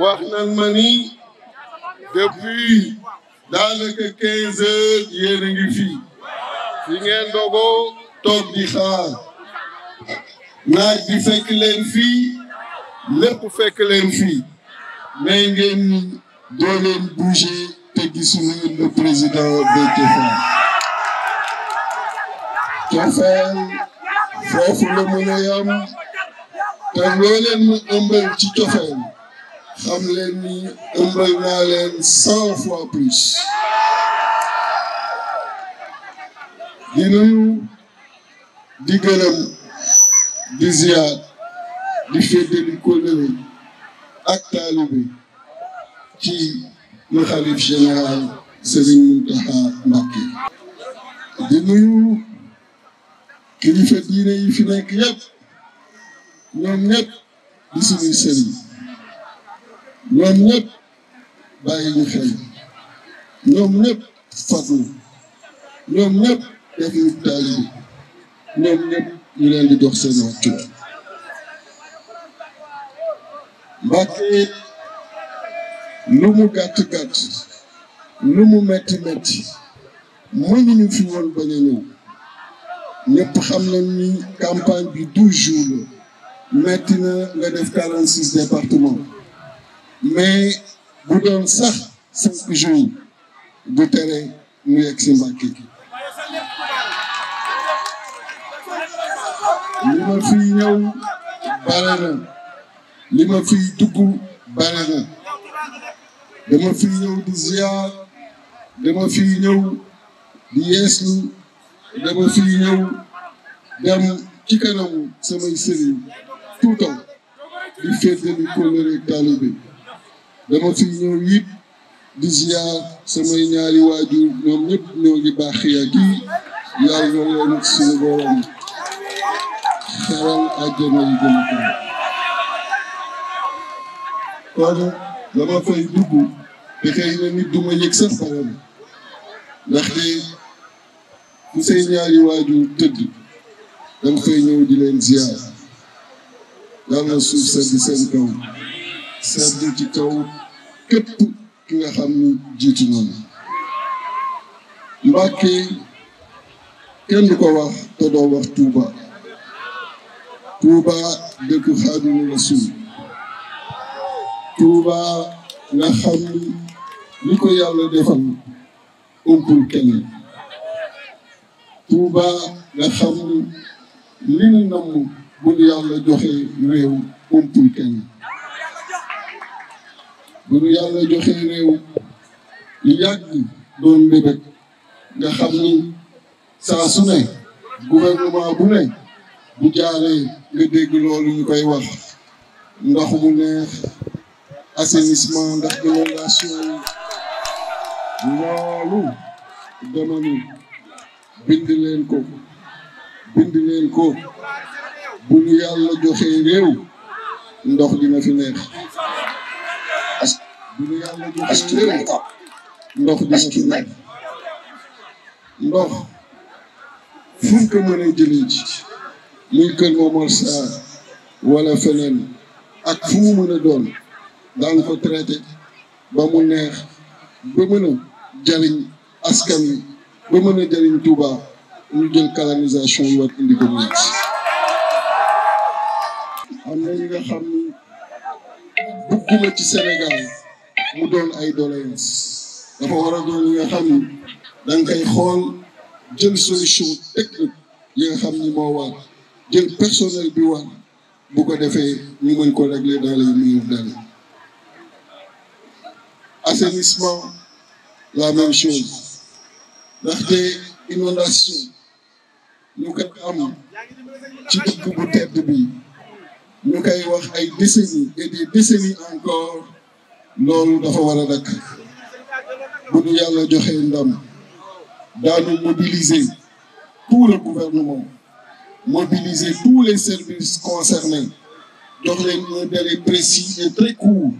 wax nag ma ni depuis daanaka quinze heures yéen a fi fi ngeen dogo toog di xaar naaj bi fekk leen fii lépp fekk leen fii mais ngeen doo leen bouger te gisuleen le président Déthié Fall foofu la mën a yam te loo leen ci cofeel xam leen ni ëmbal cent fois plus di nuyu di gërëm di ziar di féddali kóllëre ak taalibe ci le xalif général Serigne Mountakha Mbacké di nuyu kilifa diine yi fi nekk yëpp ñoom ñëpp di suñuy sëriñ ñoom ñëpp bàyyi ñu xel ñoom ñëpp faggu ñoom ñëpp def ñu taalibi ñoom ñëpp ñu leen di dox seen wàccu Mbàkke lu mu gàtt-gàtt lu mu metti metti mënuñu fi woon bañ a ñëpp xam na ni campagne bi douze jours la metti na nga def quarante six département mais bu doon sax cinq jours du tere mu yegg si Mbàkke li ma fi ñëw bare na fi dugg bare na dama fi ñëw di ziar dama fi ñëw di yeeslu dama fi ñëw dem ci kanam samay sëriñ tout le temps di féetali kóllëre taalibe dama fi ñëw it di ziar samay ñaari waajur ñoom ñëpp ñoo ngi baax yaa kii yàlla na leen suñu borom xaral àjjana yi gën a kaw dama fay dugg te xëy na nit du ma yëg sax param ndaxte fu say ñaari waajur tëdd danga fay ñëw di leen ziar yàlla suuf sedd seen kaw sedd ci kaw képp ki nga xam ni jiitu noonu Mbàkke kenn ko wax te doo wax Touba Touba dëkku Xaadimu Rasuul Touba nga xam ni ko yàlla defal umpul kenn Touba nga xam ni li ñu namm bu yàlla joxe réew bu yàlla joxe réew yàgg doon mbébét nga xam ni saa su ne gouvernement bu ne bu jaaree nga dégg loolu ñu koy wax ndox mu neex assainissement ndax inondation loolu dama ni bind leen ko bind leen ko bu ñu yàlla joxe réew ndox dina fi neex ndox dina fi neex ndox fu ko mën a jëlee muy kër Momar Sarr wala feneen ak fu mu mën doon daan ko traité ba mu neex ba mën a askan wi ba mën a jëriñ Touba ñu jël canalisation yi war indi ko mu nekk. am na ñi nga xam ni bugguma ci Sénégal mu doon ay doléance dafa war a doon ñi nga xam ni da koy xool jël solution technique yi nga xam ni moo war jël personnel bi war bu ko defee ñu mën ko régler dans les meilleurs délais assainissement la même chose. ndaxte inondation ñu ko am ci dëkk bu tedd bi ñu koy wax ay décennies et des décennies encore loolu dafa war a dakk bu ñu yàlla joxe ndam daanu mobiliser tout le tous les services concernés jox leen un délai précis et très court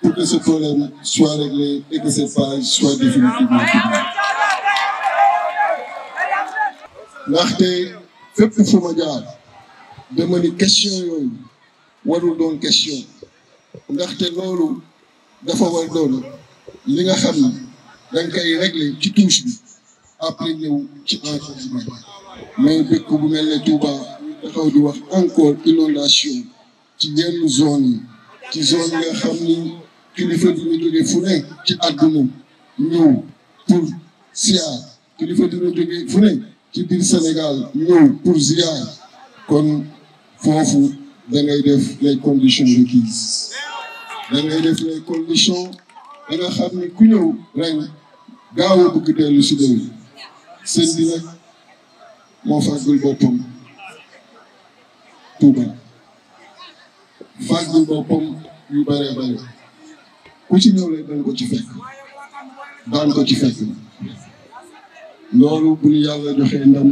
pour que ce problème soit réglé et que cette page soit définitivement ndaxte fépp fu ma jaar dama question yooyu warul doon question ndaxte loolu dafa war doon li nga xam ne danga koy régler ci touche bi après ñëw ci encouragement mais dëkk bu mel ne Touba taxaw di wax encore inondation ci yenn zone yi ci zone yi nga xam ni kilifa dina jóge fu nekk ci àdduna ñëw pour siyaar kilifa dina jóge fu ne ci biir Sénégal ñëw pour ziar kon foofu da ngay def les conditions requises da ngay def les conditions da nga xam ni ku ñëw ren gaaw a bëgg dellu si déw seen bi nag moo fàggul boppam Touba fàggul boppam yu bare bare ku ci ñëw rek daan ko ci fekk daan ko ci fekk loolu bu ñu yàlla joxee ndam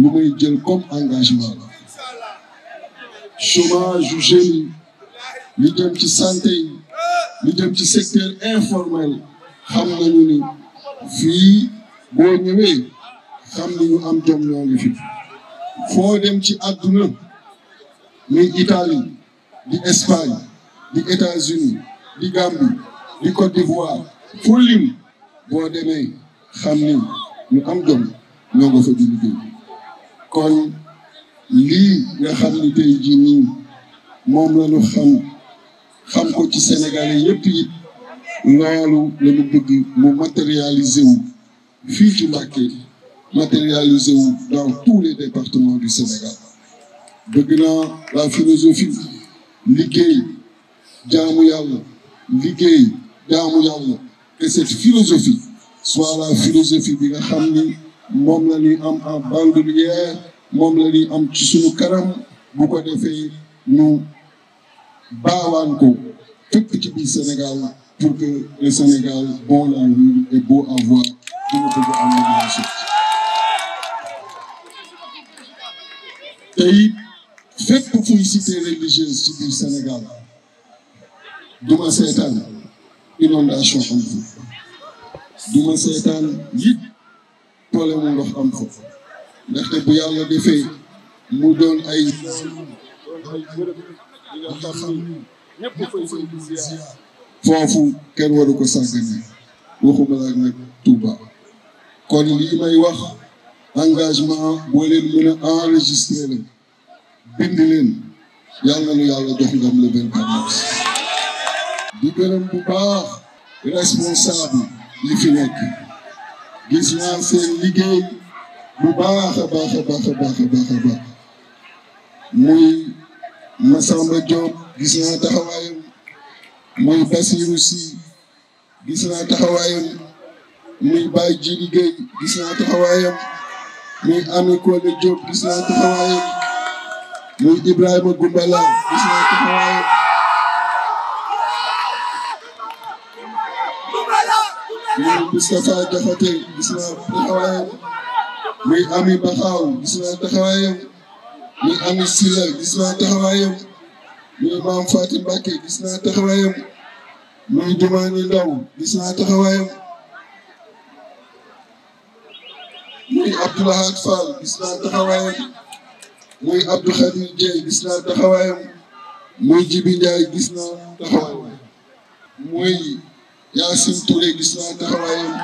lu may jël comme engagement la yu jeunes yi li jëm ci santé yi li jëm ci secteur informel xam nañu ni fii boo ñëwee xam ni ñu am jom ñoo fi foo dem ci àdduna muy Italie di Espagne di États-Unis di Gambie di Côte d'Ivoire fu lim boo demee xam ni ñu am jom ñoo fa di liggéey kon lii nga xam ni tey jii nii moom la xam xam ko ci Sénégalais yëpp it loolu la ñu bëgg mu matérialiser wu fii ci Mbacké matérialisé dans tous les départements du Sénégal bëgg naa la philosophie liggéey jaamu yàlla liggéey jaamu yàlla et cette philosophie soit la philosophie bi nga xam ni moom la ñuy am en bandoulière moom la ñuy am ci suñu kanam bu ko defee ñu baawaan ko fépp ci biir Sénégal pour que le Sénégal bon à vivre et beau à voir dina ko am na te it fépp fuy cité religieuse ci biir Sénégal duma seetaan inondation am du ma seetaan yit problème mu ndox am fa ndaxte bu yàlla defee mu doon ay foofu kenn waru ko sàggane waxuma laak nag Touba kon lii may wax engagement boo leen mën a enregistré la bind leen yàlla nu yàlla dox ndam le vingt-quatre mars bu baax responsable li fi gis naa seen liggéey bu baax a baax a baax a baax a baax a baax muy Massamba Diop gis naa taxawaayam muy Basirou Sy gis naa taxawaayam muy Baye Djili gis naa taxawaayam muy Ami Kole gis naa taxawaayam muy Ibrahima Goumbala gis naa taxawaayam Moustapha gis naa taxawaayam muy Ami Baxaaw gis naa muy Ami Silla gis naa muy Maam Fatim Mbacke gis naa muy Dumaani Ndaw gis naa muy Abdoulahad Fall gis naa muy Abdou Khadir Dieye gis muy Jibi Ndiaye gis muy Yacine Touré gis naa taxawaayam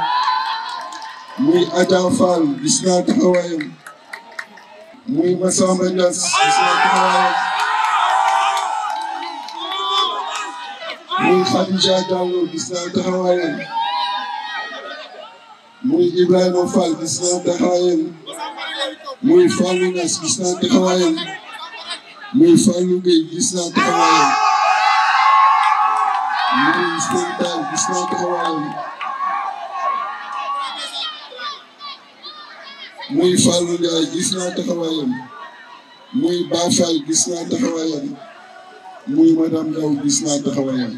muy Adja Fall gis naa taxawaayam muy Massamba Niass gis naa taxawaayam muy Khadija Diallo gis naa taxawaayam muy Ibrahima Fall gis naa taxawaayam muy Fallou Niass gis naa taxawaayam muy Fallou Gueye gis naa taxawaayam Move you straight muy Fallou Ndiaye gis naa taxawaayam muy Ba gis naa taxawaayam muy madame Ndaw gis naa taxawaayam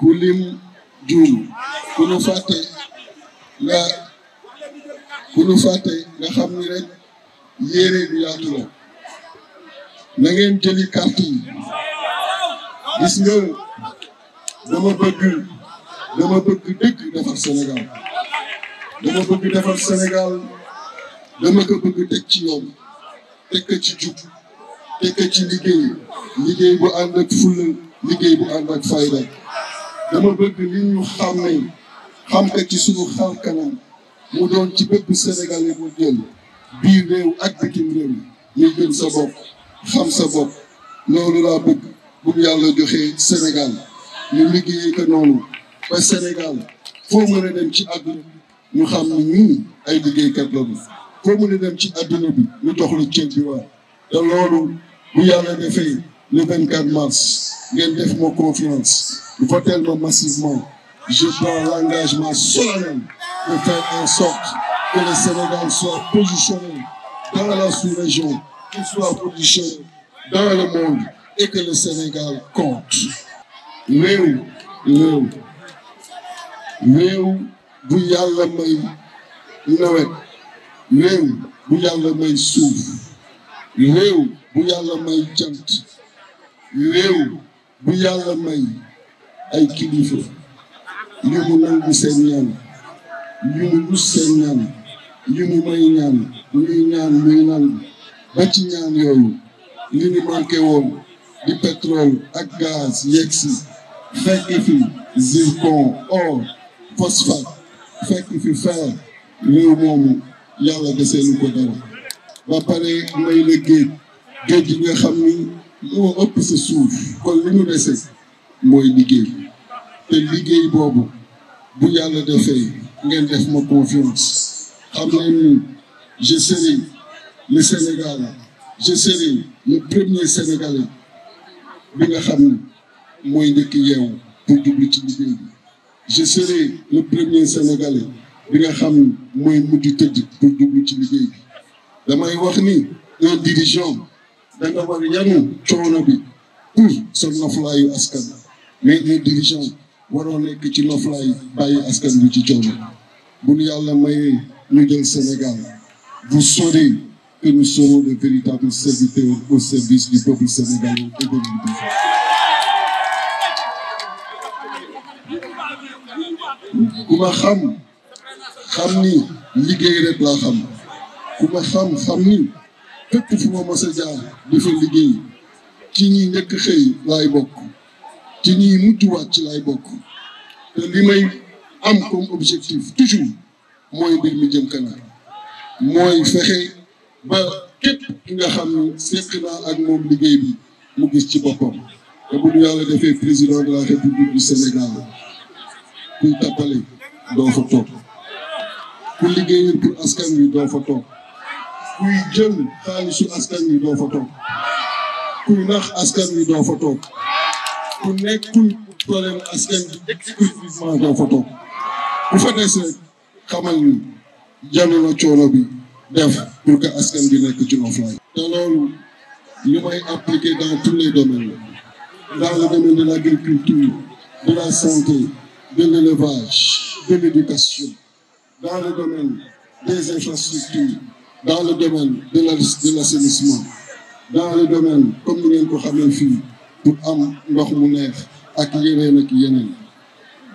ku lim juum ku nu fàtte nga xam ni rek yéere du la na jëli carte yi gis nga dama bëgg dama bëgg dëgg defar Sénégal dama bëgg defar Sénégal dama ko bëgg teg ci yoon teg ko ci jub teg ko ci liggéey liggéey bu ànd ak liggéey bu ànd ak fayda dama bëgg li ñu xàmmee xam ko ci suñu xar mu doon ci bépp Sénégalais bu jël biir réew ak bitim réew ñu gën sa bopp xam sa bopp loolu laa bëgg bu yàlla joxee Sénégal ñu liggéey que noonu ba Sénégal foo mën dem ci àdduna ñu xam ne ñii ay liggéeykat la ñu foo mën dem ci àdduna bi ñu jox lu ceeb bi waa te loolu bu yàlla defee le 24 mars ngeen def ma confiance voteel ma massivement je prends l'engagement solennel de faire en sorte le Sénégal soit positionné dans la sous-région qu'il soit positionné dans le monde et que le réew réew bu yàlla may nawet réew bu yàlla may suuf réew bu yàlla may jant réew bu yàlla may ay kilifa yu mu nangu seen ñaan mu rus seen ñaan yu mu may ñaan ñuy ñaan ñaan ba ci ñaan yooyu woon bi pétrole ak gaz yegg si fekk fi zircon or phosphate fekk fi fer réew moomu yàlla deseenu ko dara ba pare may la géej gi nga xam ni moo ëpp si suuf kon li ñu dese mooy liggéey te liggéey boobu bu yàlla defee ngeen def ma confiance xam leen ni je Sénégal je serai premier Sénégalais bi nga xam ne mooy njëkk yeewu pour jublu ci liggéey bi je serai le premier sénégalais bi nga xam ne mooy mujj tëdd pour jublu ci liggéey bi damay wax ni un dirigeant da nga war yanu coono bi pour sa noflaayu askan mais un dirigeant waroo nekk ci noflaay bàyyi askan bi ci coono bu nu yàlla mayee ñu jël Sénégal bu sori et nous serons de véritables serviteurs au service du peuple sénégalais xam xam ni liggéey rek laa xam ku ma xam xam ni fépp fu ma mës a liggéey ci ñi njëkk xëy laay bokk ci ñi mujj wàcc laay bokk te li may am comme objectif toujours mooy mbir mi jëm kanam mooy fexe. ba képp ki nga xam ne seq naa ak moom liggéey bi mu gis ci boppam te bu ñu yàlla defee président de la république du Sénégal kuy tappale doo fa toog ku liggéeyal pour askan wi doo fa toog kuy jël xaalisu askan wi fa toog kuy nax ku nekkul problème askan bi doo fa toog bu fa des rek xamal ni jamono coono bi def pour que askan bi nekk ci offline te loolu li may appliqué dans tous les domaines dans le domaine de l'agriculture de la santé de l'élevage de l'éducation dans le domaine des infrastructures dans le domaine de la de l'assainissement dans le domaine comme ni ngeen ko xamee fii pour am ndox mu neex ak yeneen ak yeneen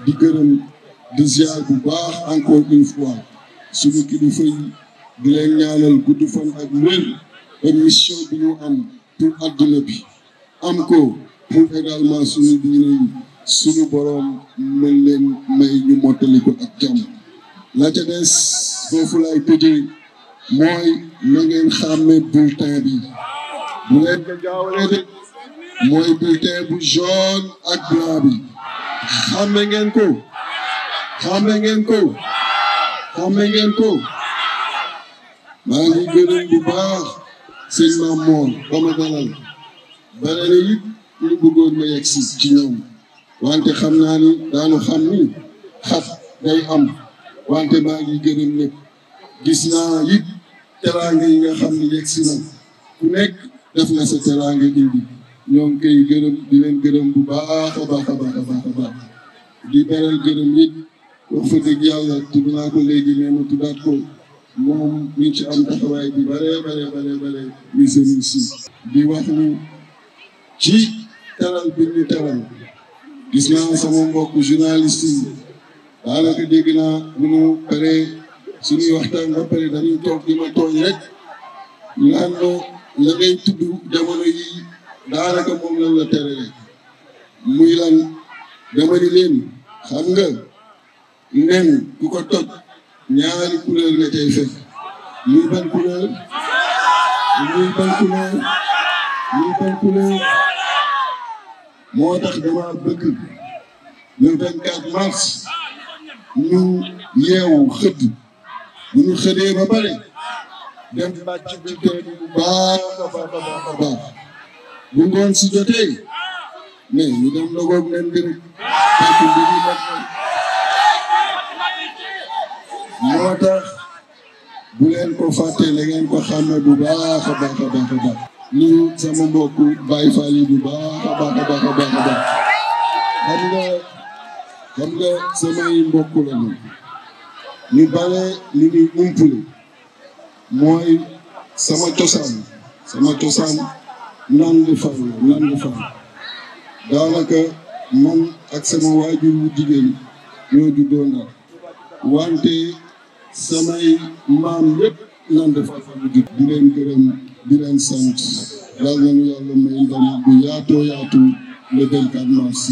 di gërëm di ziar bu baax encore une fois suñu kilifa yi di leen ñaanal gudd fan ak wér ak mission bi ñu am pour adduna bi am ko pour également suñu diine yi suñu boroom mën leen may ñu mottali ko ak jàmm la ca des foofu laay tëjee mooy na ngeen xàmme bulletin bi bu ngeen ko jaawalee bu jaune ak blanc bi xàmme ngeen ko xàmme ngeen ko xàmme ngeen ko maa ngi gërëm bu baax sëñ maam moom ba ma dalal bare na it ñu ma yegg si ci ñoom wante xam naa ni daanu xam ni xat day am wante maa ngi gërëm lépp gis naa it teraanga yi nga xam ni yegg si na nekk def na sa teraanga indi ñoo ngi gërëm di leen gërëm bu baax a baax a baax a baax a baax di beral gërëm it wax fa dëgg yàlla tudd naa ko léegi nee tuddaat ko moom mi ci am taxawaay bi bare bare bare bare mi sëriñ si di wax ni ci teral bi ñu gis naa sama mbokk journaliste yi daanaka dégg naa bu ñu paree suñuy waxtaan ba pare dañuy toog di ma tooñ rek ñu la ngay tudd jamono yi daanaka moom lan la tere muy lan dama di leen xam nga nen ku ko toj ñaari couleur nga cay fekk lii ban couleur lii ban couleur moo tax dama bëgg le 24 mars ñu yeewu xëdd bu ñu ba pare dem laaj ci biir terrain bi bu baax a baax a baax si jotee mais ñu dem dogoog leen gën a fekk bi ñu moo tax bu leen ko fàttee da ngeen ko xàmme bu baax a baax baax baax ñu sama mbokk Baye bu baax a baax a baax baax baax xam nga mbokk la ñu ñu bare li ñuy umpule mooy sama cosaan sama cosaan nan li fal la nan li fal daanaka man ak sama waajur wu jigéen ñoo juddoo Ndar wante samay maam yëpp naan dafa fan di leen gërëm di leen sant yàlla na yàlla may ndam bu yaatoo yaatu le 24 mars